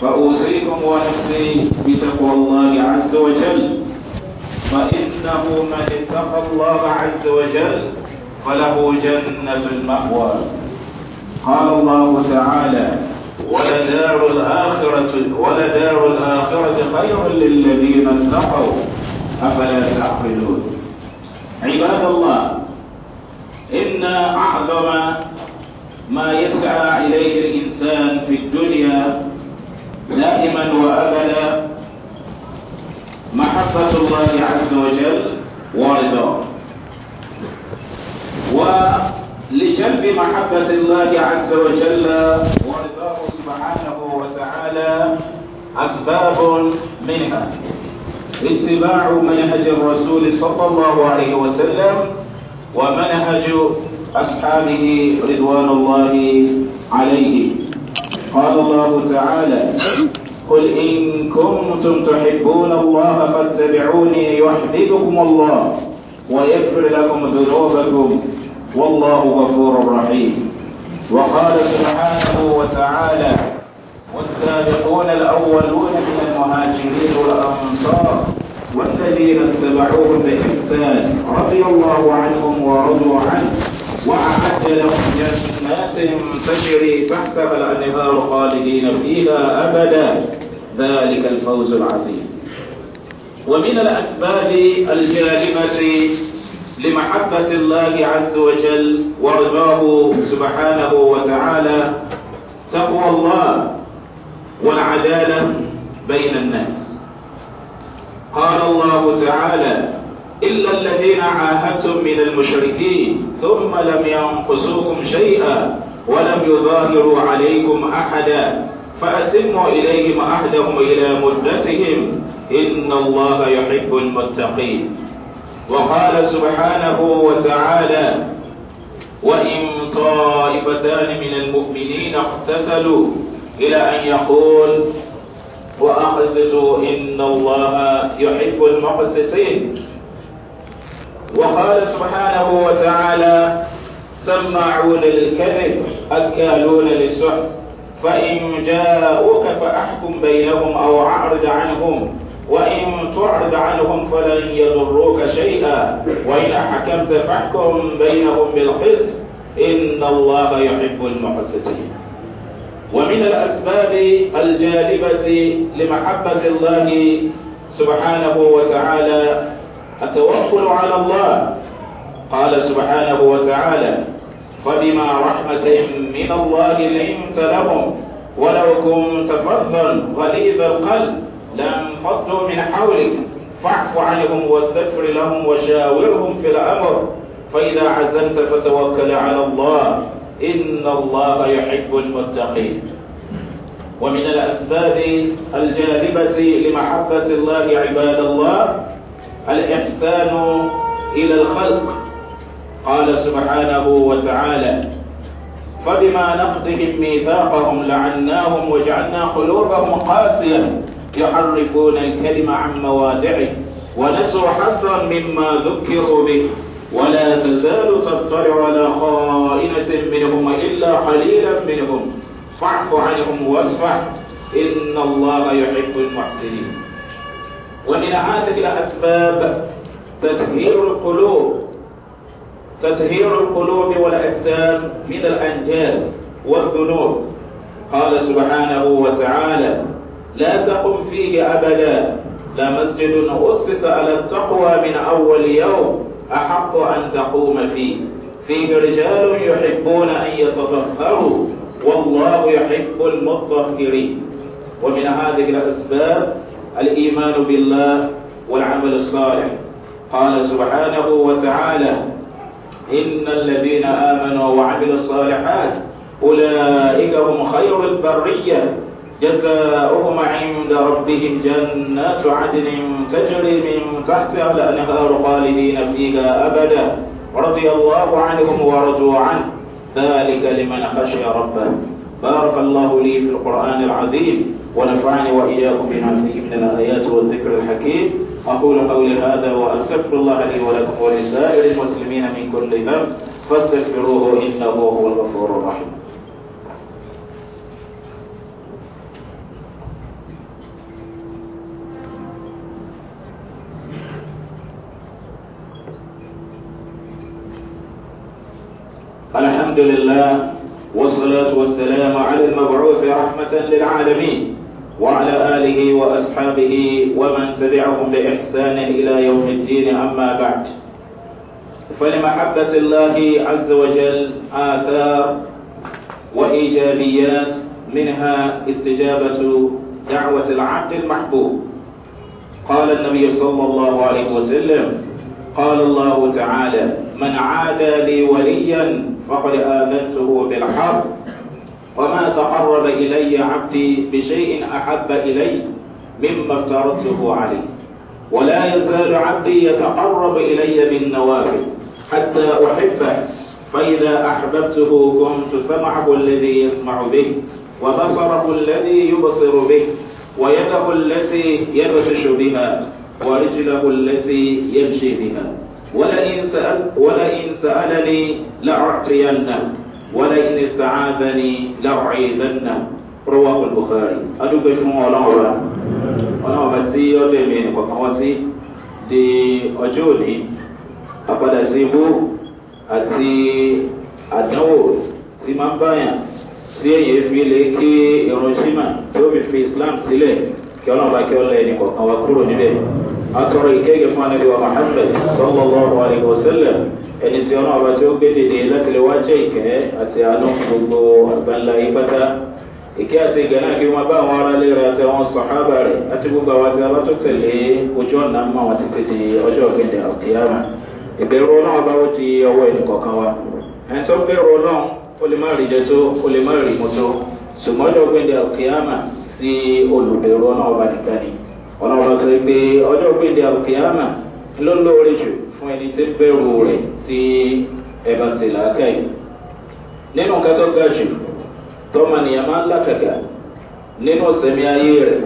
فأوصيكم ونفسي بتقوى الله عز وجل فإنه من اتقى الله عز وجل فله جنة المأوى قال الله تعالى ولدار الآخرة ولدار الآخرة خير للذين اتقوا أفلا تعقلون عباد الله إن أعظم ما يسعى إليه الإنسان في الدنيا دائما وابدا محبه الله عز وجل ورضاه ولجلب محبه الله عز وجل ورضاه سبحانه وتعالى اسباب منها اتباع منهج الرسول صلى الله عليه وسلم ومنهج اصحابه رضوان الله عليهم قال الله تعالى قل إن كنتم تحبون الله فاتبعوني يحببكم الله ويغفر لكم ذنوبكم والله غفور رحيم وقال سبحانه وتعالى والسابقون الأولون من المهاجرين والأنصار والذين اتبعوهم بإحسان رضي الله عنهم ورضوا عنه وأعد لهم جنات تجري تحتها الأنهار خالدين فيها أبدا ذلك الفوز العظيم ومن الأسباب الجالبة لمحبة الله عز وجل ورضاه سبحانه وتعالى تقوى الله والعدالة بين الناس قال الله تعالى إلا الذين عاهدتم من المشركين ثم لم ينقصوكم شيئا ولم يظاهروا عليكم أحدا فأتموا إليهم أهدهم إلى مدتهم إن الله يحب المتقين وقال سبحانه وتعالى وإن طائفتان من المؤمنين اقتتلوا إلى أن يقول وأقسطوا إن الله يحب المقسطين وقال سبحانه وتعالى سماعون للكذب أكالون للسحت فإن جاءوك فأحكم بينهم أو أعرض عنهم وإن تعرض عنهم فلن يضروك شيئا وإن حكمت فاحكم بينهم بالقسط إن الله يحب المقسطين ومن الأسباب الجالبة لمحبة الله سبحانه وتعالى التوكل على الله قال سبحانه وتعالى فبما رحمة من الله لنت لهم ولو كنت فظا غليظ القلب لانفضوا من حولك فاعف عنهم واستغفر لهم وشاورهم في الأمر فإذا عزمت فتوكل على الله إن الله يحب المتقين ومن الأسباب الجالبة لمحبة الله عباد الله الإحسان إلى الخلق قال سبحانه وتعالى فبما نقضهم ميثاقهم لعناهم وجعلنا قلوبهم قاسية يحرفون الكلم عن موادعه ونسوا حظا مما ذكروا به ولا تزال تطلع على خائنة منهم إلا قليلا منهم فاعف عنهم واصفح إن الله يحب المحسنين ومن عادة الأسباب تطهير القلوب تطهير القلوب والأجسام من الأنجاز والذنوب قال سبحانه وتعالى لا تقم فيه أبدا لا مسجد أسس على التقوى من أول يوم أحق أن تقوم فيه فيه رجال يحبون أن يتطهروا والله يحب المطهرين ومن هذه الأسباب الإيمان بالله والعمل الصالح قال سبحانه وتعالى إن الذين آمنوا وعملوا الصالحات أولئك هم خير البرية جزاؤهم عند ربهم جنات عدن تجري من تحتها الأنهار خالدين فيها أبدا رضي الله عنهم ورضوا عنه ذلك لمن خشي ربه بارك الله لي في القرآن العظيم ونفعني وإياكم بما فيه من الآيات والذكر الحكيم أقول قولي هذا وأستغفر الله لي ولكم ولسائر المسلمين من كل ذنب فاستغفروه إنه هو الغفور الرحيم الحمد لله والصلاة والسلام على المبعوث رحمة للعالمين وعلى آله وأصحابه ومن تبعهم بإحسان إلى يوم الدين أما بعد فلمحبة الله عز وجل آثار وإيجابيات منها استجابة دعوة العبد المحبوب قال النبي صلى الله عليه وسلم قال الله تعالى من عادى لي وليا فقد آذنته بالحرب وما تقرب إلي عبدي بشيء أحب إلي مما افترضته عليه ولا يزال عبدي يتقرب إلي من نوافل حتى أحبه فإذا أحببته كنت سمعه الذي يسمع به وبصره الذي يبصر به ويده التي يبطش بها ورجله التي يمشي بها ولئن, سأل ولئن سألني لأعطينه ولئن استعاذني لأعيذنه رواه البخاري أدوك فون الله ولا الله بتسي يولي من وكواسي di ọjọ́ òní àpadà sí ibú àti àdánwò tí máa ń báyàn tí èyí fi lè kí irun jimá tó fi fi islam sílẹ̀ kí ọlọ́run bá kí ọlọ́ ẹni kọ̀ọ̀kan wá kúrò níbẹ̀. a tọrọ ìkẹ́gẹ́ fún anabi wa muhammed sallallahu alayhi wa sallam ẹni tí ọlọ́run bá tí ó gbéde ní láti lè wá jẹ́ ìkẹ́ àti àánú gbogbo àgbáńlá yìí pátá ìkẹ́ àti ìgbà náà kí wọ́n bá àwọn ará léra àti àwọn sọ̀hábà rẹ̀ àti gbogbo àwọn àti aláàtò tẹ̀lé ojú ọ̀nà mọ́ àwọn títí di ọjọ́ ọ̀gẹ̀dẹ̀ ọ̀kẹ́yàmà ìbẹ̀rù ọlọ́run bá ó di ọwọ́ ẹnì kọ̀ọ̀kan wa ẹni tó bẹ̀rù ọlọ́run ó lè má rí jẹ tó ó lè má rí mu tó ṣùgbọ́n ọjọ́ ọ̀gẹ̀dẹ̀ ọ̀kẹ́yàmà sí olùbẹ̀rù ọlọ́run bá fún ẹni tí ń bẹ̀rù rẹ̀ tí ẹ bá ṣe làákà yìí. nínú nǹkan tó ga jù tọ́mọnìyàn máa ń làkàkà nínú sẹ́mi ayé rẹ̀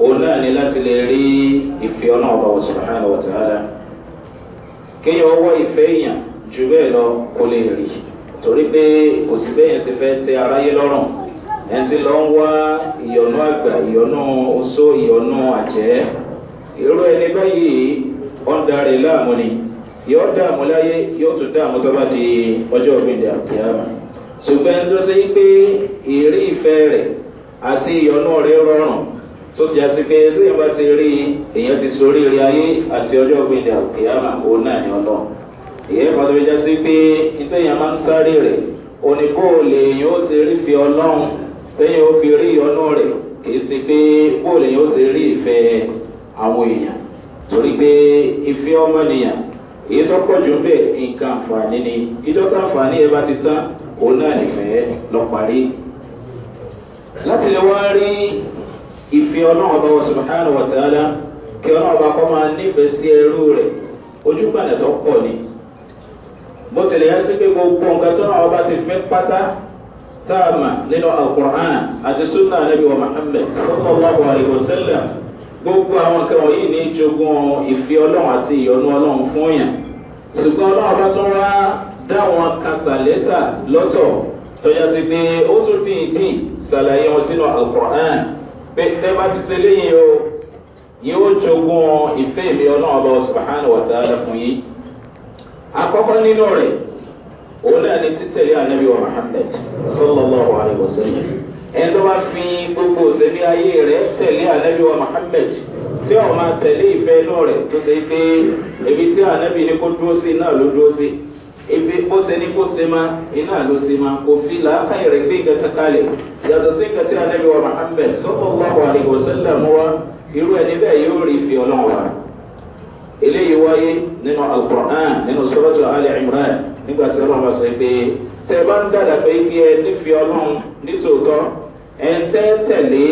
òun náà ni láti lè rí ìfẹ́ ọ̀nà ọba ọ̀sùnmọ́hán ọ̀tàlá. kéèyàn ọwọ́ ìfẹ́ èèyàn jù bẹ́ẹ̀ lọ kó lè rí torí pé kò sí bẹ́yẹn ti fẹ́ tẹ aráyé lọ́rùn ẹni tí lọ ń wá ìyọ̀nù àgbà ìyọ̀nù oṣó ìyọ̀nù àjẹ́ irú ẹni báyìí wọ́n darí láàmú ni yóò dààmú láyé yóò tún dààmú tó bá di ọjọ́ ògbìndì àkíyàmà ṣùgbọ́n tó ṣe pé ìrí ìfẹ́ rẹ̀ àti ìyọnú rẹ̀ rọrùn tó ti yà sí pé tó yẹn bá ti rí èèyàn ti sórí rí ayé àti ọjọ́ ògbìndì àkíyàmà òun náà ni ọ̀nà ìyẹn kan tó fi já sí pé nítorí yẹn máa ń sáré rẹ̀ oníbó lèèyàn ó ṣe rí fi ọlọ́run lẹ́yìn ó fi rí ìyọnú rẹ̀ kì í sí pé bó lèèyàn ó ṣe rí ìfẹ́ àwọn èèyàn torí pé ìfẹ́ ọmọnìyàn èyí tó pọ̀ jù ń bẹ̀ nǹkan àǹfààní ni ìjọba àǹfààní ẹ bá ti tán òun náà nífẹ̀ẹ́ lọ parí. láti lè wá rí ìfẹ́ ọlọ́run ọba wàsùnmáhánù wàtàlá kí ọlọ́run ọba kọ́ máa nífẹ̀ẹ́ sí ẹrú rẹ̀ ni. bó ya yá sí pé gbogbo ọba ti fẹ́ pátá táàmà nínú àti sunnah anabi wa muhammed gbogbo àwọn kan wọ̀nyí ní jogún ìfẹ́ ọlọ́run àti ìyọnu ọlọ́run fún yàn ṣùgbọ́n ọlọ́run bá tún wá dáwọn kan sàlẹ́sà lọ́tọ̀ tọ́jà sí pé ó tún dín ìdín ṣàlàyé wọn sínú alukur'an pé ẹ bá ti ṣe léyìn o yóò jogún ìfẹ́ mi ọlọ́run ọba subahana wa ta'ala fún yín akọ́kọ́ nínú rẹ̀ òun náà ni títẹ̀lé anabi wa muhammed sallallahu alayhi wa sallam ẹni tó bá fi gbogbo òsèlú ayé rẹ̀ tẹ̀lé ànábì wa muhammed tí ọ̀ máa tẹ̀lé ìfẹ́ inú rẹ̀ tó ṣe pé ibi tí ànábì ní kó dúró sí náà ló dúró sí ibi bó ṣe ní kó ṣe má iná ló ṣe má kò fi làákàyè rẹ̀ gbé nǹkan kalẹ̀ yàtọ̀ sí nǹkan tí ànábì wa muhammed sọ́kọ̀ wà wà ní wọ́sẹ̀lẹ̀ mú wa irú ẹni bẹ́ẹ̀ yóò rí ìfẹ́ ọlọ́run wa eléyìí wáyé nínú alukur'an nínú sọ́rọ́tù alẹ́ imran nígbà tí ọlọ́run bá sọ pé tẹ bá ń dàdà pé ibi ẹ nífi ọlọ́run nítòótọ́ ẹ̀ńtẹ́ tẹ̀lé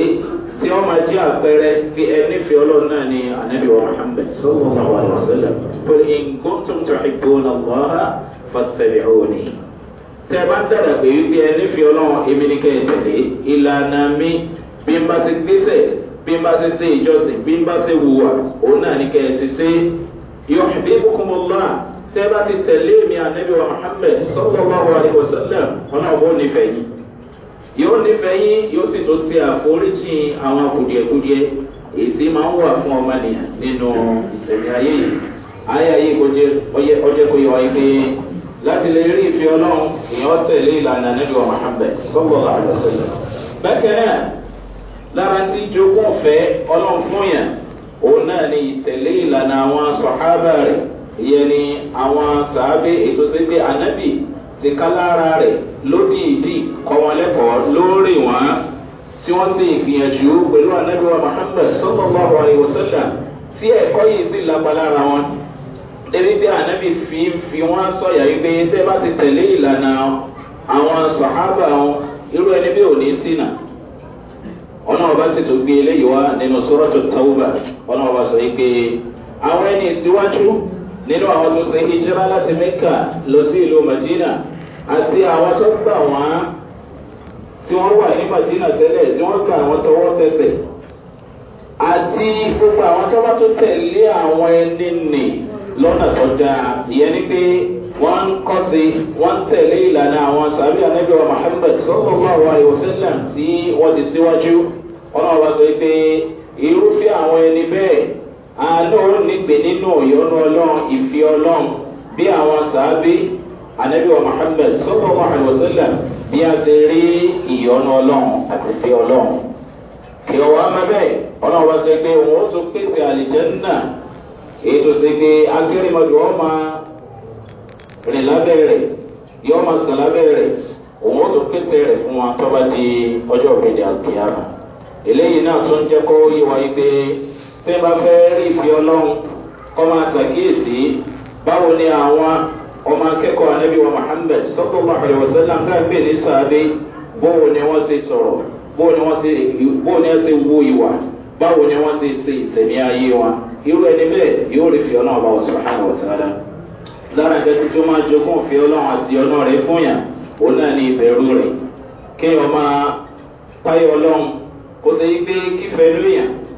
tí wọ́n máa jẹ́ àpẹẹrẹ bí ẹni fi ọlọ́run náà ni ànábì wa muhammed sallallahu alayhi wa sallam pé nǹkan tó ìbò náà wà á fàtẹ̀lẹ̀ òní. tẹ bá dára pé bí ẹni fi ọlọ́run èmi ni kẹ́ ẹ tẹ̀lé ìlànà mi bí n bá ti gbéṣẹ̀ bí n bá ti ṣe ìjọsìn bí n bá ṣe wùwà òun náà ni kẹ́ ṣe. yọ̀ọ́ bí tẹ bá ti tẹ̀lé mi ànábì wa muhammed sallallahu alayhi wa sallam ọ̀nà ọ̀bọ̀ nífẹ̀ẹ́ yìí. yóò nífẹ̀ẹ́ yín yóò sì tó ṣe àforíjì àwọn kùdìẹ̀kudiẹ èyí máa ń wà fún ọmọnìyàn nínú ìsẹ̀mí ayé yìí ayé ayé ọjẹ́ kò yọ ayé pé láti lè rí ìfẹ́ ọlọ́run èèyàn tẹ̀lé ìlànà nílùú ọ̀mọ̀hámbẹ̀ sọ́gbọ̀n àlọ́sẹ̀lẹ̀ bákan náà lára tí jogún ọ̀fẹ́ ọlọ́run fún òun náà ni ìtẹ̀lé ìlànà àwọn sọ̀hábà rẹ̀ tìka lára rẹ̀ lódìdí kọ́ wọn lẹ́kọ̀ọ́ lórí wọn tí wọ́n sì gbìyànjú pẹ̀lú anábíwá muhammed sọ́kọ̀ọ́bọ̀ àríwọ̀sọ́là tí ẹ̀kọ́ yìí sì lápá lára wọn débi bí anábì fi fi wọ́n sọ̀yà wípé tẹ́ bá ti tẹ̀lé ìlànà àwọn sọ̀hábà wọn irú ẹni bí òní sínà ọ̀nà ọba sì tún gbé eléyìí wá nínú sọ́rọ́tò tàwùbà ọ̀nà ọba sọ nínú àwọn tó ṣe hijira láti mẹ́kà lọ sí ìlú madina àti àwọn tó gbà wọ́n tí wọ́n wà ní madina tẹ́lẹ̀ tí wọ́n gbà wọ́n tọwọ́ tẹsẹ̀ àti gbogbo àwọn tó tó tẹ̀lé àwọn ẹni nì lọ́nà tó dáa ìyẹn ni pé wọ́n ń kọ́ sí wọ́n ń tẹ̀lé ìlànà àwọn sàbí wa muhammed sọ́kọ̀ọ́ àwọn ìwòsílẹ̀ tí wọ́n ti síwájú ọlọ́run bá sọ pé irúfẹ́ àwọn ẹni bẹ́ẹ̀ àánú nígbè nínú ìyọnu ọlọ́run ìfi ọlọ́run bí àwọn sàábí anabiwa muhammed sọ́kọ̀ muhammed wasallam bí a ti rí ìyọnu ọlọ́run àti fi ọlọ́run. kí ọwọ́ ama bẹ́ẹ̀ ọlọ́run bá sọ pé òun ó tún pèsè àlìjẹ́nà èyí tó ṣe pé agbérimọ̀jù ọmọ rìn lábẹ́ rẹ̀ yọ ọmọ sàn lábẹ́ rẹ̀ òun ó tún pèsè rẹ̀ fún wa tọ́ba di ọjọ́ òkèdè àkèyàmà eléyìí náà tún jẹ́ kó yíwa yí pé. tí bá fẹ́ rí ìfẹ́ ọlọ́run kọ́ máa ṣàkíyèsí báwo ni àwọn ọmọ akẹ́kọ̀ọ́ anábì wa muhammed sọ́kọ̀ mahali wa sallam náà ní sàádé ni wọ́n ṣe sọ̀rọ̀ bóò ni wọ́n ṣe wo ìwà báwo ni wọ́n ṣe ṣe ìsẹ̀mí ayé wọn irú ẹni bẹ́ẹ̀ yóò rí ọlọ́run bá sọ̀rọ̀ hàn wọ́n lára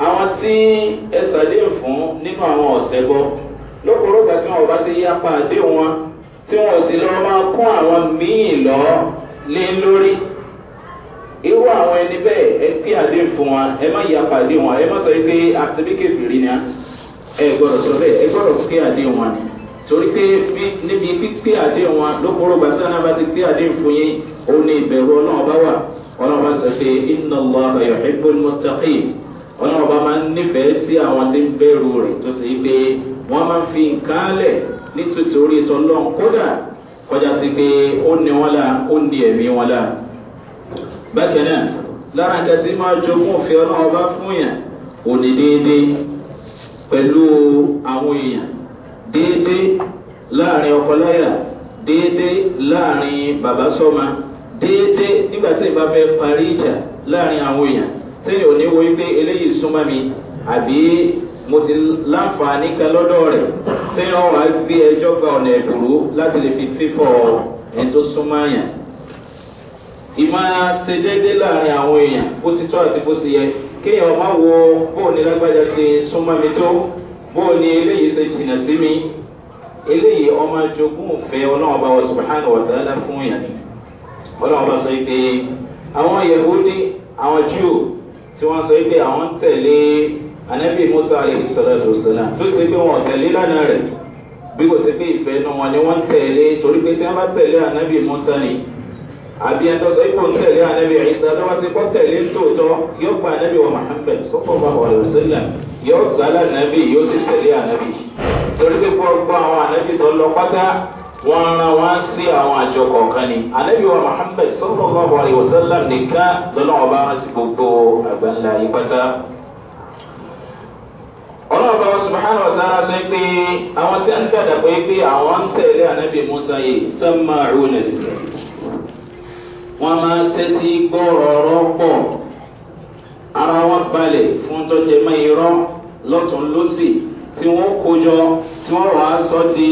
àwọn tí ẹ sàdéhùn fún nínú àwọn ọ̀sẹ̀ bọ́ lókòrógbà tí wọn ò bá ti yapa àdéhùn wọn tí wọn ò sì lọ máa kún àwọn míì lọ lé lórí irú àwọn ẹni bẹ́ẹ̀ ẹ pí àdéhùn fún wa ẹ má yapa àdéhùn wa ẹ má sọ pé àtibíkè fìrí ni ẹ gbọdọ̀ sọ bẹ́ẹ̀ ẹ gbọdọ̀ pí àdéhùn wa ni torí pé níbi pípé àdéhùn wa lókòrógbà tí wọn bá ti pé àdéhùn fún yín òun ni ìbẹ̀rù ọlọ́run bá wà ọlọ́run bá sọ pé iná lọ́ọ́ ayọ̀ ẹgbẹ́ mọ́tàkì ọlọ́run ọba máa ń nífẹ̀ẹ́ sí àwọn tí ń bẹ̀rù rẹ̀ tó ṣe é pé wọ́n máa ń fi nǹkan lẹ̀ nítorí tọ́lọ́n kódà kọjá sí pé ó ní wọn la ó ní ẹ̀mí wọn la. bákan náà lára nǹkan tí máa jogún òfin ọlọ́run ọba fún yàn ò ní déédéé pẹ̀lú àwọn èèyàn déédéé láàrin ọkọláyà déédéé láàrin bàbá sọ́ma déédéé nígbà tí ìbá fẹ́ parí ìjà láàrin àwọn èèyàn sẹ́yìn ò ní wo pé eléyìí súnmọ́ mi àbí mo ti láǹfààní kan lọ́dọ̀ rẹ̀ sẹ́yìn ọ̀wá gbé ẹjọ́ gba ọ̀nà ẹ̀dùrú láti lè fi fífọ̀ ẹni tó súnmọ́ àyàn. ìmọ̀ ṣe déédéé láàrin àwọn èèyàn bó ti tọ́ àti bó ti yẹ kéèyàn ọmọ wo bóòní lágbájá ṣe súnmọ́ mi tó bóòní eléyìí ṣe jìnnà sí mi eléyìí ọmọ jogún òfẹ́ ọlọ́run wa subahana wa ta'ala fún yàn ni ọlọ́run ọba sọ pé àwọn yahudi àwọn jew tí wọ́n sọ pé àwọn tẹ̀lé anabi musa alayhi salatu wasalam tó sì pé wọn tẹ̀lé lánàá rẹ̀ bí kò sí pé ìfẹ́ inú wọn ni wọ́n tẹ̀lé torí pé tí wọ́n bá tẹ̀lé anabi musa ni àbí ẹ̀tọ́ sọ ipò ń tẹ̀lé anabi isa tó wá sí kọ́ tẹ̀lé tòótọ́ yóò gba anabi wa muhammed sọ́kọ́ bá wà lọ́sílẹ̀ yóò gbá lánàbì yóò sì tẹ̀lé anabi torí pé gbọ́ gbọ́ àwọn anabi tó lọ pátá wọ́n rán wá sí àwọn àjọ kọ̀ọ̀kan ni alẹ́bí wa muhammed sallallahu alayhi wa sallam nìkan lọ́nà ọba rán sí gbogbo àgbáńlá yìí pátá. ọlọ́ọ̀bá wa subahana wa ta'ala sọ pé àwọn tí a ń dàdà pé pé àwọn ń tẹ̀lé ànábì musa yìí sẹ́mmà rúnà wọ́n máa tẹ́tí gbọ́rọ̀ ọ̀rọ̀ ara wọn balẹ̀ fún tọ́jẹ́mọ́ irọ́ lọ́tún lọ́sì tí wọ́n kó jọ tí wọ́n wá sọ di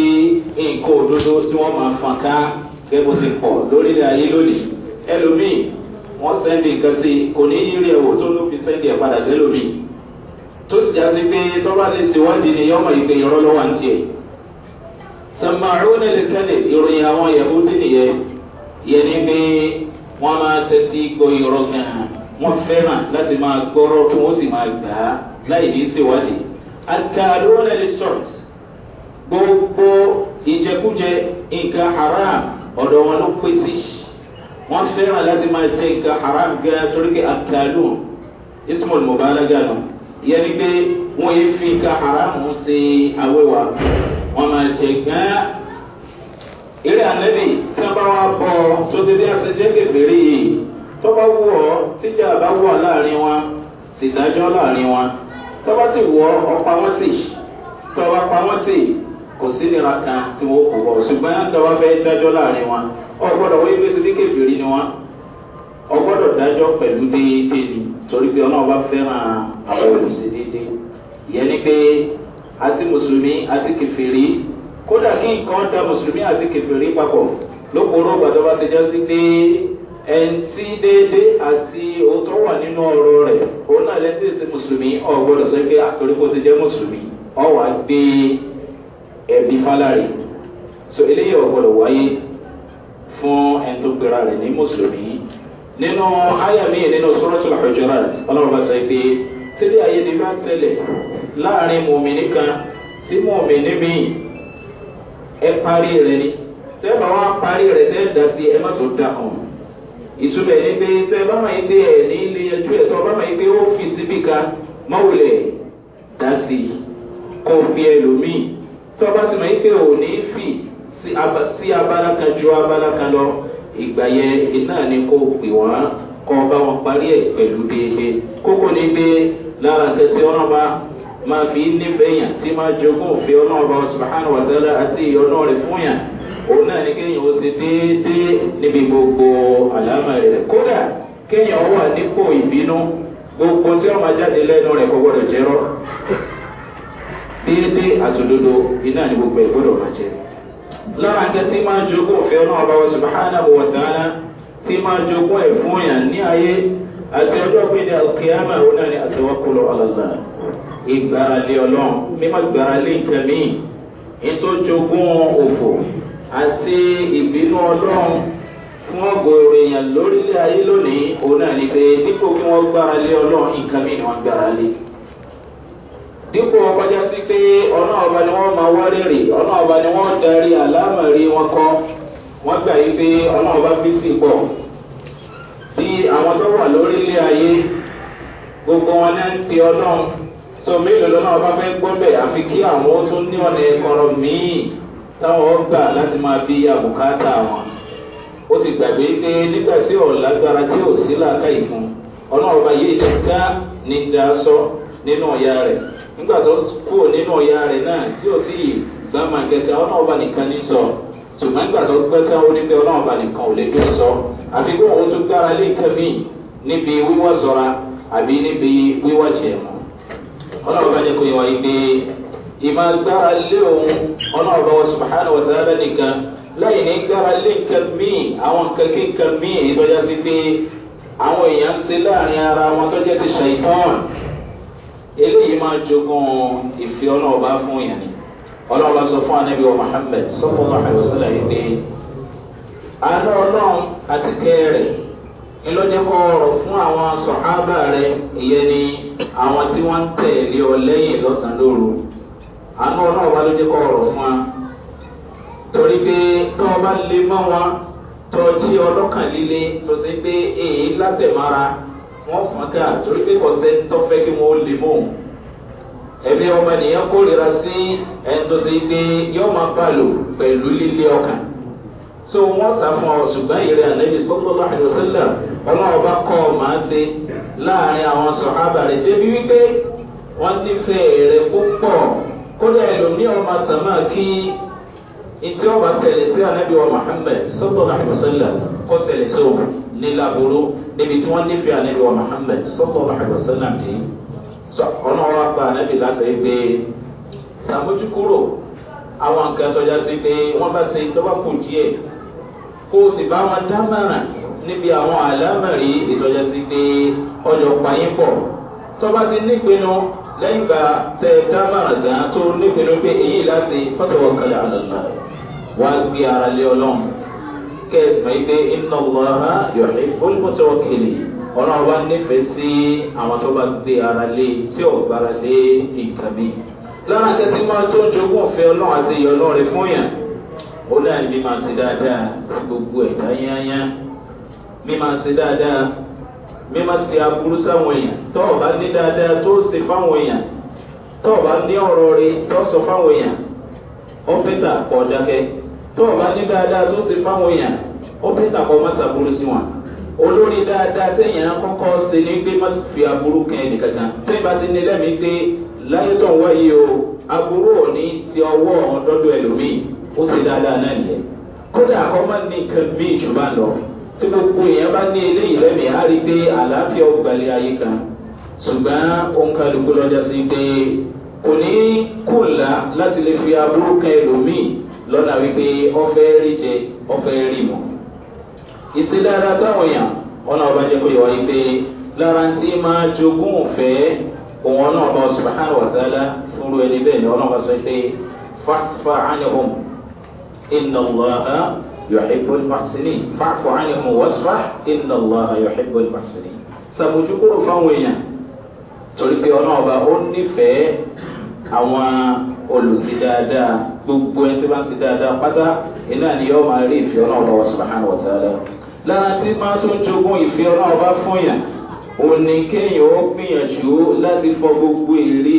nǹkan òdodo tí wọ́n máa fọn ká gẹ́gẹ́ bó ti pọ̀ lórílẹ̀ ayé lónìí ẹlòmíì wọ́n sẹ́ndì nǹkan sí kò ní yírí ẹ̀wò tó ló fi sẹ́ndì ẹ̀ padà sẹ́lòmíì tó sì já sí pé tọ́ba lè ṣèwádìí ni yọ́mọ̀ ìgbẹ́ ìrọ́ lọ́wọ́ àǹtí ẹ̀. sàmàrún ẹlẹ́kẹ́lẹ́ ìròyìn àwọn yahudi nìyẹn yẹn ni pé wọ́n máa tẹ́tí gbọ́ ìrọ́ gan-an wọ́n fẹ́ràn láti máa gbọ́rọ́ kí wọ́n sì máa gbà á láì ní ṣèwádìí. àkàlù ọ̀nà lè sọ̀rọ̀ gbogbo ìjẹkújẹ nǹkan haram ọ̀dọ̀ wọn ló pé sí wọ́n fẹ́ràn láti máa jẹ nǹkan haram gan torí pé àkàlù ismail mubalaga nù ìyẹn pé yé fi nǹkan haram ṣe awéwà wọ́n máa jẹ gan eré ànẹ́bì tí wọ́n bá wá bọ̀ tó dédé àṣejẹ́ si yìí tó wù ọ́ tíjà bá wù láàrin wọn sì láàrin wọn sì wù tì tì. kò sí ìnira kan tí wọ́n kò wọ̀ ṣùgbọ́n dáwọ́ fẹ́ dájọ́ láàrin wọn ọgbọ́dọ̀ wọ́n ibi sí kékeré ni wọn ọgbọ́dọ̀ dájọ́ pẹ̀lú déédéé ni torí pé ọlọ́run bá fẹ́ràn àwọn olùsí déédéé ìyẹn ni pé àti mùsùlùmí àti kẹfìrí kódà kí nǹkan da mùsùlùmí àti kẹfìrí papọ̀ lóporó gbàdọ́ bá ti já sí pé ẹni tí déédéé àti òótọ́ wà nínú ọ̀rọ̀ rẹ̀ òun náà lẹ́tí ìsìn mùsùlùmí ọ̀gbọ́dọ̀ sọ pé àtòrí kó ti jẹ́ mùsùlùmí ọ̀wà gbé e ẹbí fálárì so eléyìí ọ̀gbọ́dọ̀ wáyé fún ẹni tó pera rẹ̀ ní mùsùlùmí nínú àyàmí nínú sọ́rọ́tù àjọrat ọlọ́run bá sọ pé sílẹ̀ ayé ni bá ṣẹlẹ̀ láàrin mùmìnì kan sí mùmìnì míì ẹ parí rẹ̀ ni tẹ́ bá wá parí rẹ̀ tẹ́ dá sí ẹ má tó dá hàn ìtumọ̀ ẹni pé tẹ́ bá máa ń dé ẹ̀ ní ilé ẹjọ́ ẹ̀ tọ́ bá máa ń dé ó fi síbí kan mọ́wulẹ̀ dá sí kó fi ẹlòmíì tó o bá ti mọ̀ yín pé ò fì sí abala kan ju abala kan lọ ìgbà yẹn iná ni kò pè wọ́n kọ́ ọ bá wọn parí ẹ̀ pẹ̀lú déédé kókó ni pé lára kẹsí ọ̀rọ̀ bá máa fi nífẹ̀ẹ́ yàn tí máa jogún òfin ọlọ́ọ̀bá ọ̀sùnmáhánù wàtálá àti ìyọnú rẹ̀ fún yàn òun náà ni kéèyàn ó ṣe déédéé níbi gbogbo àlámà rẹ̀ kódà kéèyàn ó wà nípò ìbínú gbogbo tí wọ́n máa jáde lẹ́nu rẹ̀ kọ́ gbọ́dọ̀ jẹ́rọ́ déédéé àtòdodo iná ni gbogbo ẹ̀ gbọ́dọ̀ máa jẹ. lára nǹkan tí máa jogún òfin ọlọ́run ọba wọ́n subahana wọ̀ tààlà tí máa jogún ẹ̀ fún yàn ní ayé àti ọjọ́ gbẹ̀dẹ̀ alkiyama òun náà ni àtẹwọ́kọlọ alàlà ìgbáralé ọlọ́run mímọ́ ìgbáralé nǹkan míì ìtọ́jogún òfò àti ìbínú ọlọ́run fún ọgọrọ èèyàn lórílẹ̀ ayé lónìí òun náà ni pé dípò kí wọ́n gbáralé ọlọ́run nǹkan míì ni wọ́n gbáralé dípò ọkọjá sí pé ọ̀nà ọba ni wọ́n máa wá rèrè ọ̀nà ọba ni wọ́n darí àlámọ̀rí wọn kọ́ wọ́n gbà yí pé ọ̀nà ọba bí sí pọ̀ bí àwọn tó wà lórílẹ̀ ayé gbogbo wọn náà ń pe ọlọ́run tó mélòó lọ́nà ọba fẹ́ gbọ́bẹ̀ àfi kí àwọn ó tún ní ọ̀nà ẹ̀kọ́rọ̀ míì táwọn ó gbà láti máa bí àbùkátà wọn ó sì gbàgbé pé nígbà tí ò lágbára tí ò sí làákàyè fún ọ̀nà ọba yìí dá ní dá sọ́ nínú ọ̀yá rẹ̀ nígbà tó kúrò nínú ọ̀yá rẹ̀ náà tí ò tí ì gbàmà gẹ̀gẹ̀ ọ̀nà nìkan ní sọ ṣùgbọ́n nígbà tó gbẹ́ká ó nìkan ò lè dúró sọ àfi kó òun tún gbára lé nǹkan míì níbi wíwọ́ àbí níbi wíwọ́ jẹ̀ mọ́ kò yẹ ìmọ̀ gbára lé òun wa wa ta'ala nìkan láì ní gbára lé nǹkan míì àwọn nǹkan kí eléyìí máa jogún ìfi ọlọ́ọ̀bá fún yẹn ni ọlọ́ọ̀bá sọ fún anabi wa muhammed sọ́kùn náà àyọ̀ yìí pé àánú ọlọ́run àti kẹrẹ ńlọ́jẹ́kọ̀ fún àwọn sọ̀hábà rẹ ìyẹn ni àwọn tí wọ́n ń ọ lóru àánú ló fún wa torí pé bá lè wọn wọ́n fọ́n ká torí pé kọ̀sẹ́ ń tọ́fẹ́ kí wọ́n lè mọ̀ ẹ̀mí ọmọ nìyẹn kórìíra sí ẹni tó ṣe pé yọ́ máa bá lò pẹ̀lú líle ọkàn tó wọ́n sá fún ọ ṣùgbọ́n ìrẹ́ ànábì sọ́kọ́lá àdìsílẹ̀ ọlọ́run bá kọ́ ọ máa ṣe láàrin àwọn sọ̀hábà rẹ̀ débi wípé wọ́n nífẹ̀ẹ́ rẹ̀ púpọ̀ kódà ẹlòmíì ọmọ tàmá kí ìtí ọba tẹ̀lé sí ànábì wa muhammed sọ́kọ́lá àdìsílẹ̀ kọ́ tẹ̀lé sóhùn ní laboro níbi tí wọ́n nífẹ̀ẹ́ ànábi muhammed sọ́kọ̀ ọ̀hàgbà dé sọ ọ̀nà gba ànábi lásán yìí pé sàmójúkúrò àwọn nǹkan tọ́já sí pé wọ́n bá ṣe tọ́ba kù díẹ̀ kó o sì bá wọn dámọ̀ràn níbi àwọn àlámọ̀rí ìtọ́já sí pé ọjọ́ pààyàn pọ̀ tọ́ba ti nípinnu lẹ́yìn ìgbà tẹ dámọ̀ràn tán tó nípinnu pé èyí láti fọ́tọ̀wọ́ kalẹ̀ àlọ́lá wàá gbé ara lé ọlọ́run kẹ́sì máa yí pé iná lọ́ha yọ̀hí olùmọ̀tò kìlì ọ̀nà ọba nífẹ̀ẹ́ sí àwọn tó bá gbé ara lé tí ò gbára lé nǹkan mi. lára kẹ́sì máa tó jogún ọ̀fẹ́ ọlọ́run àti ìyọ̀ ọlọ́run fún yàn ó dáa bí máa ṣe dáadáa sí gbogbo ẹ̀dá yányá bí máa ṣe dáadáa bí máa ṣe aburú sáwọn èèyàn tó ọba ní dáadáa tó ṣe fáwọn èèyàn tó ọba ní ọ̀rọ̀ rẹ tó sọ fáwọn èèyàn ó tó o bá ní dáadáa tó ṣe fáwọn èèyàn ó bí tàkọ́ má ṣàbúrú sí wọn olórí dáadáa téèyàn kọ́kọ́ ṣe ní pé má fi aburú kan ẹnìkankan téèyàn bá ti ní lẹ́mìí pé láyé tó ń wáyé o aburú ò ní ti ọwọ́ ọ̀dọ́dọ̀ ẹlòmíì ó ṣe dáadáa náà nìyẹn kódà kọ́ má ní nǹkan bí ìjọba lọ tí gbogbo èèyàn bá ní eléyìí lẹ́mìí á rí pé àlàáfíà ó ayé kan ṣùgbọ́n òǹkàlùkù lọ́jà sí pé kò ní kùlà láti lè fi aburú kan ẹlòmíì lọ́nà wípé ọ̀fẹ́ rí jẹ ọ̀fẹ́ rí mọ́. ìsìlára sáwọn èèyàn ọ̀nà ọba jẹ́ pé wáyé pé lára tí máa jogún òfẹ́ òun ọ̀nà ọba subahana wàtálá fúnru ẹni bẹ́ẹ̀ ni ọ̀nà ọba sọ pé fásfà ánìhùn iná lọ́ha yọ̀hìbọ̀lì màsíní fáfọ ánìhùn wọ́sfà iná lọ́ha yọ̀hìbọ̀lì màsíní. sàbójúkúrò fáwọn èèyàn torí pé ọ̀nà ọba ó nífẹ̀ẹ́ àwọn olùsí dáadáa gbogbo ẹni tí ti dáadáa pátá iná ni yóò máa rí ìfẹ́ ọlọ́run lọ́wọ́ subahana wa ta'ala lára tí máa tún jogún ìfẹ́ ọlọ́run ọba fún òní kéèyàn ó gbìyànjú láti fọ gbogbo èrè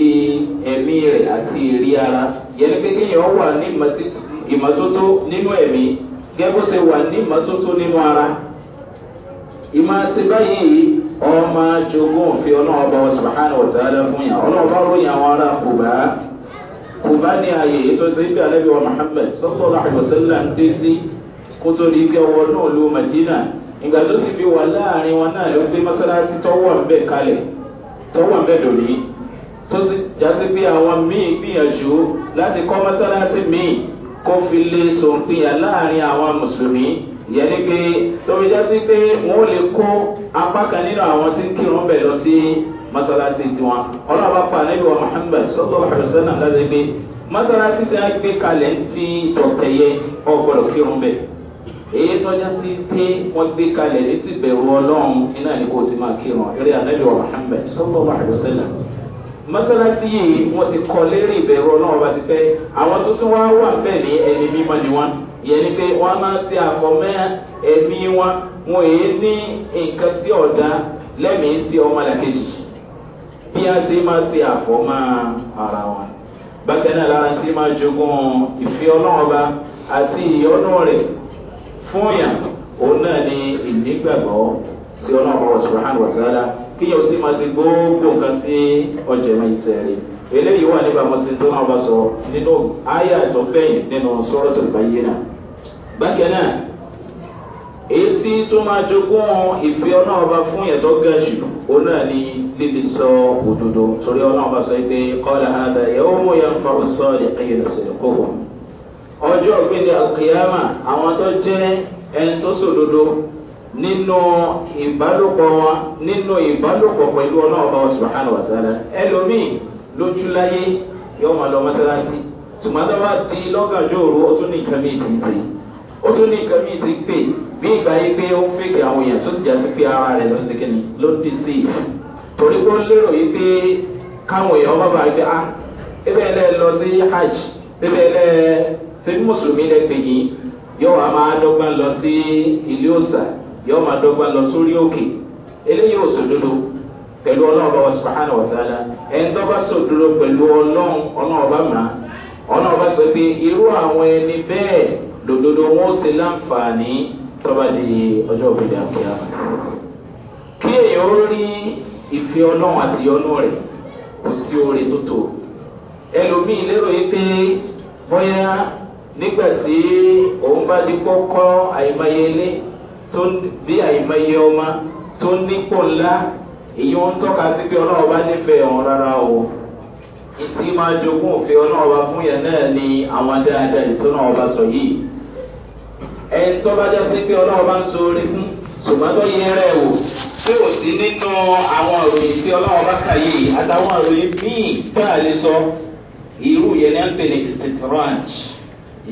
ẹ̀mí rẹ̀ àti ara yẹn pé kéèyàn wà ní nínú ẹ̀mí ṣe wà ní nínú ara báyìí ọmọ jogún ìfẹ́ kò bá ní ààyè ètò ìsèǹdà alẹ́ bí wa muhammed sọ́kọ̀ làkùsẹ́lá ń dé sí kótó ní ike ọwọ́ náà lu madina ìgbà tó sì fi wà láàrin wọn náà ló gbé mọ́sálásí tọ́wọ́ ń bẹ̀ kalẹ̀ tọ́wọ́ ń bẹ̀ lónìí tó sì jásí pé àwọn míì gbìyànjú láti kọ́ mọ́sálásí míì kó fi lè sòǹpìyà láàrin àwọn mùsùlùmí ìyẹn ni pé tó fi jásí pé wọ́n lè kó apá kan nínú àwọn tí ń kírun bẹ̀ lọ sí masalasi tiwọn ọlọ́run bá pa anabi wa muhammed sọlọ́wọ́ àrùsánà láti gbé masalasi tí a gbé kalẹ̀ ti tọ̀tẹ̀yẹ ọgbọ̀dọ̀ kírun bẹ̀ èyí tọ́já sí pé wọ́n gbé kalẹ̀ ní ti bẹ̀rù ọlọ́run iná ní kò ti máa kírun eré anabi wa muhammed sọlọ́wọ́ àrùsánà masalasi yìí wọ́n ti kọ́ lérí ìbẹ̀rù ọlọ́run bá ti pẹ́ àwọn tó tún wá wà bẹ́ẹ̀ ní ẹni mímọ́ ni wọ́n yẹn ni pé wọ́n máa ń ṣe àfọ̀mẹ́ ẹ̀mí wọn wọn èyí ní nǹkan tí ọ̀dà lẹ́mìí sí ọmọlàkejì bí a ṣe máa ṣe àfọ́mọ́ ara wọn. bákan náà lára tí máa jogún ìfẹ́ ọlọ́run àti ìyọ́nú rẹ̀ fún yàn òun náà ni ìnígbàgbọ́ sí ọlọ́run ọba subahana wa ta'ala kíyàn ó sì máa ṣe gbogbo nǹkan tí ọjà máa ń sẹ́rí. eléyìí wà nípa mọ́sí tó náà bá sọ nínú ayé àtọ́gbẹ̀yìn nínú sọ́rọ́sọ̀rọ̀ báyé náà. bákan náà èyí tó máa jogún ìfẹ́ ọlọ́ọ̀bá fún ìyẹ̀tọ́ ga jù ó náà ni líle sọ òdodo torí ọlọ́ọ̀bá sọ pé kọ́lá àdá ìyàwó mú yẹn fa ọ̀sọ́ rẹ̀ ayélujára kókò. ọjọ́ ògbéni àkìyàmà àwọn tó jẹ́ ẹni tó sòdodo nínú ìbálòpọ̀ wọn nínú ìbálòpọ̀ pẹ̀lú ọlọ́ọ̀bá ọ̀sùnmọ̀hánù wàsálà ẹlòmíì lójúláyé yóò máa lọ mọ́sálásí tùmọ́tàbá ó tún ní nǹkan ti pè bí ìgbà yìí pé ó ń fèkè àwọn èèyàn tó sì já sí pé ara rẹ̀ ló ń ṣe kíni ló ń sí torí pé ó lérò yìí ah, ebe ẹlẹ lọ sí hajj ebe ẹlẹ ṣe bí mùsùlùmí lẹ pè yín yóò wá máa dọ́gba lọ sí ilé òòsà yóò máa dọ́gba lọ sórí òkè eléyìí ò pẹ̀lú ọlọ́run lọ́wọ́ subahana ẹni mà sọ pé irú àwọn ẹni bẹ́ẹ̀. lòdòdó wọn ó ṣe láǹfààní tọ́ba di ọjọ́ òbèdè àkíyà kí èèyàn ó rí ìfẹ́ ọlọ́run àti ìyọnú rẹ̀ kò sí oore tó tó ẹlòmíì lérò yìí pé bóyá nígbà tí òun bá di kọ́kọ́ àìmọye ilé tó bí àìmọye ọmọ tó nípò ńlá èyí wọn tọ́ka sí pé ọlọ́run bá nífẹ̀ẹ́ ọ̀hún rárá o ìtì máa jogún òfin ọlọ́run bá fún yẹn náà ni àwọn dáadáa ìtọ́nà ọba sọ yìí ẹni tó bá jásí pé ọlọ́run bá ń so orí fún ṣùgbọ́n tó yẹ rẹ̀ wò tí ò sí nínú àwọn ìròyìn tí ọlọ́run bá kà yìí àtàwọn ìròyìn míì tá a lè sọ irú yẹn ní ń pè ní sitranj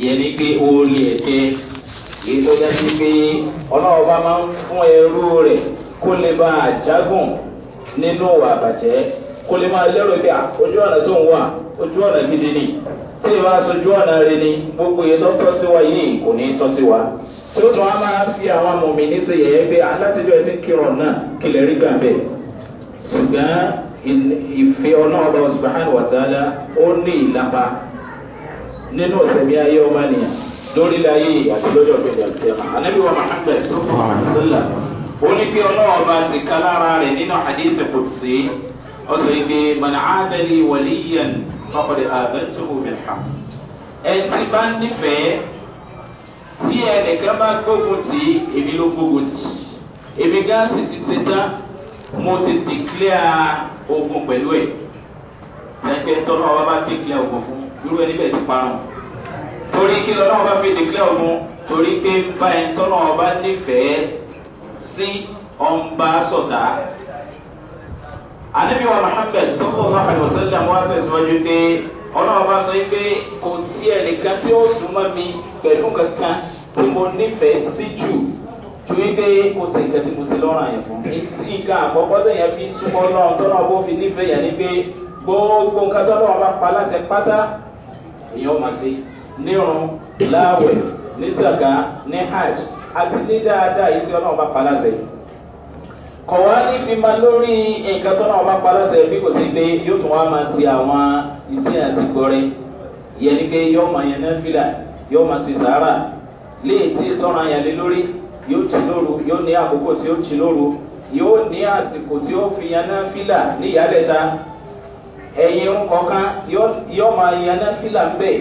yẹn ni pé orí ẹ̀kẹ́ èyí tó jásí pé ọlọ́run bá máa ń fún ẹrú rẹ̀ kó lè bá a jágùn nínú ìwà àbàjẹ́ kó lè máa lérò pé ojú ọ̀nà tó ń wà ojú ọ̀nà gidi ni tí ìwà aṣojú ọ̀nà rẹ ni gbogbo èyí tọ́ sí wa yìí kò ní tọ́ sí wa tí ó tún á máa fi àwọn mọ̀mìnì ṣe yẹ̀yẹ́ pé alátijọ́ ẹ ti kírun náà kílẹ̀ rí gbà bẹ́ẹ̀ ṣùgbọ́n ìfẹ́ ọlọ́ọ̀bá subahana wàtálá ó ní ìlàpá nínú ọ̀sẹ̀mí ayé ọmọ nìyẹn lórílẹ̀ ayé àti lọ́jọ́ ìpínlẹ̀ àtẹ̀mà anábì wa muhammed sọ́kànlá ó ní fọkọlẹ àbẹ̀tò òmìnira ẹtì bá nífẹ̀ẹ́ tí ẹnìkan bá gbógun tì í èmi ló gbógun tì í èmi gáàsì ti ṣe tán mo ti dìklẹ́à ogun pẹ̀lú ẹ̀ sẹ́ńtẹ́ tọ́lá ọba bá dìklẹ́à ogun fún irú ẹni bẹ́ẹ̀ ti parun torí kí lọ́lá ọba fi dìklẹ́à ogun torí pé báyìí tọ́lá ọba nífẹ̀ẹ́ sí ọ̀nba sọ̀tà. So anabi wa muhammed sallallahu alayhi wa sallam wa tẹ̀síwájú pé ọlọ́run bá sọ pé kò sí ẹnìkan tí ó súnmọ́ mi pẹ̀lú kankan tí mo nífẹ̀ẹ́ sí jù ju wípé kò sí nǹkan tí mo ṣe lọ́rùn àyàn fún. etí nǹkan àkọ́kọ́ tẹ̀yàn fi súnmọ́ náà tọ́nà bó fi nífẹ̀ẹ́ yàn ni pé gbogbo nǹkan tọ́lọ́run bá pa láṣẹ pátá èèyàn máa ṣe nírun láàwẹ̀ ní sàgá ní hajj àti ní dáadáa yìí tí ọlọ́run bá pa láṣẹ yìí kọ̀ wá ní fi máa lórí nǹkan tó náà bá pa lọ́sẹ̀ bí kò sí pé yóò tún wá máa ṣe àwọn iṣẹ́ àsìkò rẹ̀ yẹn ni pé yóò máa yẹn náà fìlà yóò máa ṣe sàárà léè tí sọ́ra yẹn lé lórí yóò tì lóru yóò ní àkókò tí ó tì lóru yóò ní àsìkò tí ó fi yẹn náà fìlà ní ìyálẹ̀ta ẹ̀yin kọ̀ọ̀kan yóò máa yẹn náà fìlà ń bẹ̀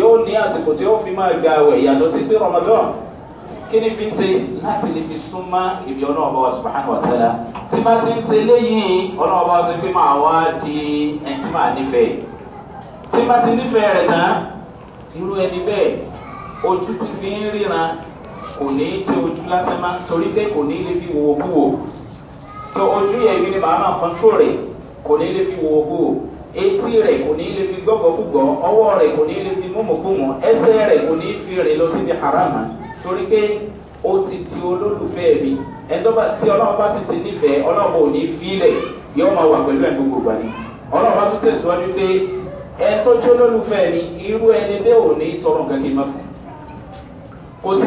yóò ní àsìkò tí ó fi máa gbà àwẹ̀ yàtọ̀ sí ti rọmọdọ́ọ̀ kí ni fi ń ṣe láti lè fi súnmọ́ ìbí ọlọ́ọ̀bá wa subahana wa tẹ́lá tí bá ti ń ṣe léyìn ọlọ́ọ̀bá wa sọ pé máa wá di ẹni tí máa nífẹ̀ẹ́ tí bá ti nífẹ̀ẹ́ rẹ̀ tán irú ẹni bẹ́ẹ̀ ojú ti fi ń ríran kò ní í ṣe ojú lásán máa torí pé kò ní lè fi wo owó o tó ojú yẹn ibi ni màá máa kọ́ńtró rẹ̀ kò ní lè fi wo owó wò etí rẹ̀ kò ní lè fi gbọ́gbọ́ gbùgbọ́ ọwọ́ rẹ̀ kò ní lè fi múmùkúmù ẹsẹ̀ rẹ̀ kò ní fi rìn lọ síbi harama. torí pé o ti di olólùfẹ́ mi ẹ̀ńdọ́bà tí ọlọ́run bá sì ti nífẹ̀ẹ́ ọlọ́run ò ní fílẹ̀ yóò máa wà pẹ̀lú gbogbo gbà ọlọ́run bá tún tẹ̀síwájú pé tó olólùfẹ́ mi irú ẹni bẹ́ẹ̀ ò ní tọrọ nǹkan kí n kò sì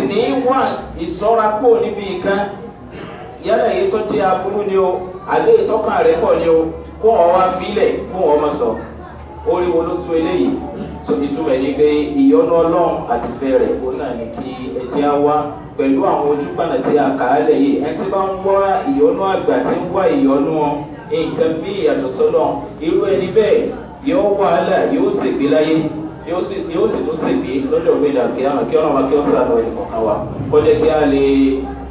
ní o àlẹ́ ìtọ́kàn rẹ̀ pọ̀ ni o kó wọn wá fílẹ̀ kó sọ orí wo ló tún eléyìí so ìtumọ̀ ẹni pé ìyọ́nú ọlọ́run àti ìfẹ́ rẹ̀ kó náà ní kí ẹtí á wá pẹ̀lú àwọn ojúpànà tí a kà á lẹ̀ yìí ẹni tí bá ń wá ìyọ́nú àgbà tí ń wá ìyọ́nú nǹkan bí ìyàtọ̀ sọ́lọ̀ irú ẹni bẹ́ẹ̀ yóò wàhálà yóò ṣègbè láyé yóò sì tún ṣègbè lọ́dọ̀ ògbéni àkíyàn kí ọ̀rọ̀ wa kí ó sàánú ẹnì wa kó kí á lè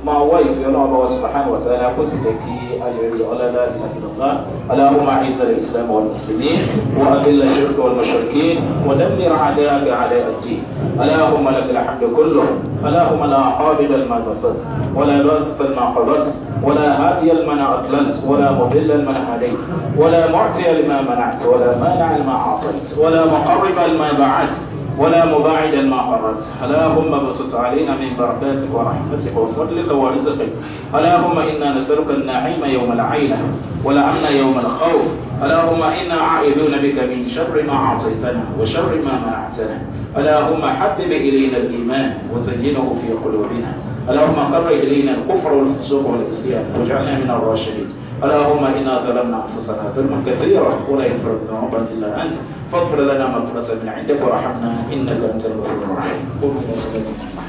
máa wá ìfẹ́ سبحانه وتعالى wa subahana wa ألا kó إلا الله ألا ayọ̀rẹ́ rẹ̀ الاسلام والمسلمين واذل الشرك والمشركين ودمر عداك على الدين اللهم لك الحمد كله اللهم لا قابل المنبسط ولا باسط ما ولا هاتي لمن أطلنت ولا مضل لمن هديت ولا معطي لما منعت ولا مانع لما عطيت ولا مقرب لما بعت ولا مباعدا ما قررت اللهم بسط علينا من بركاتك ورحمتك وفضلك ورزقك اللهم إنا نسألك النعيم يوم العينة والأمن يوم الخوف اللهم إنا عائدون بك من شر ما أعطيتنا وشر ما منعتنا اللهم حبب إلينا الإيمان وزينه في قلوبنا اللهم قر إلينا الكفر والفسوق والعصيان واجعلنا من الراشدين اللهم إنا ظلمنا أنفسنا ظلما كثيرا ولا يغفر الذنوب إلا أنت فاغفر لنا مغفرة من عندك ورحمنا إنك أنت الغفور الرحيم قوموا إلى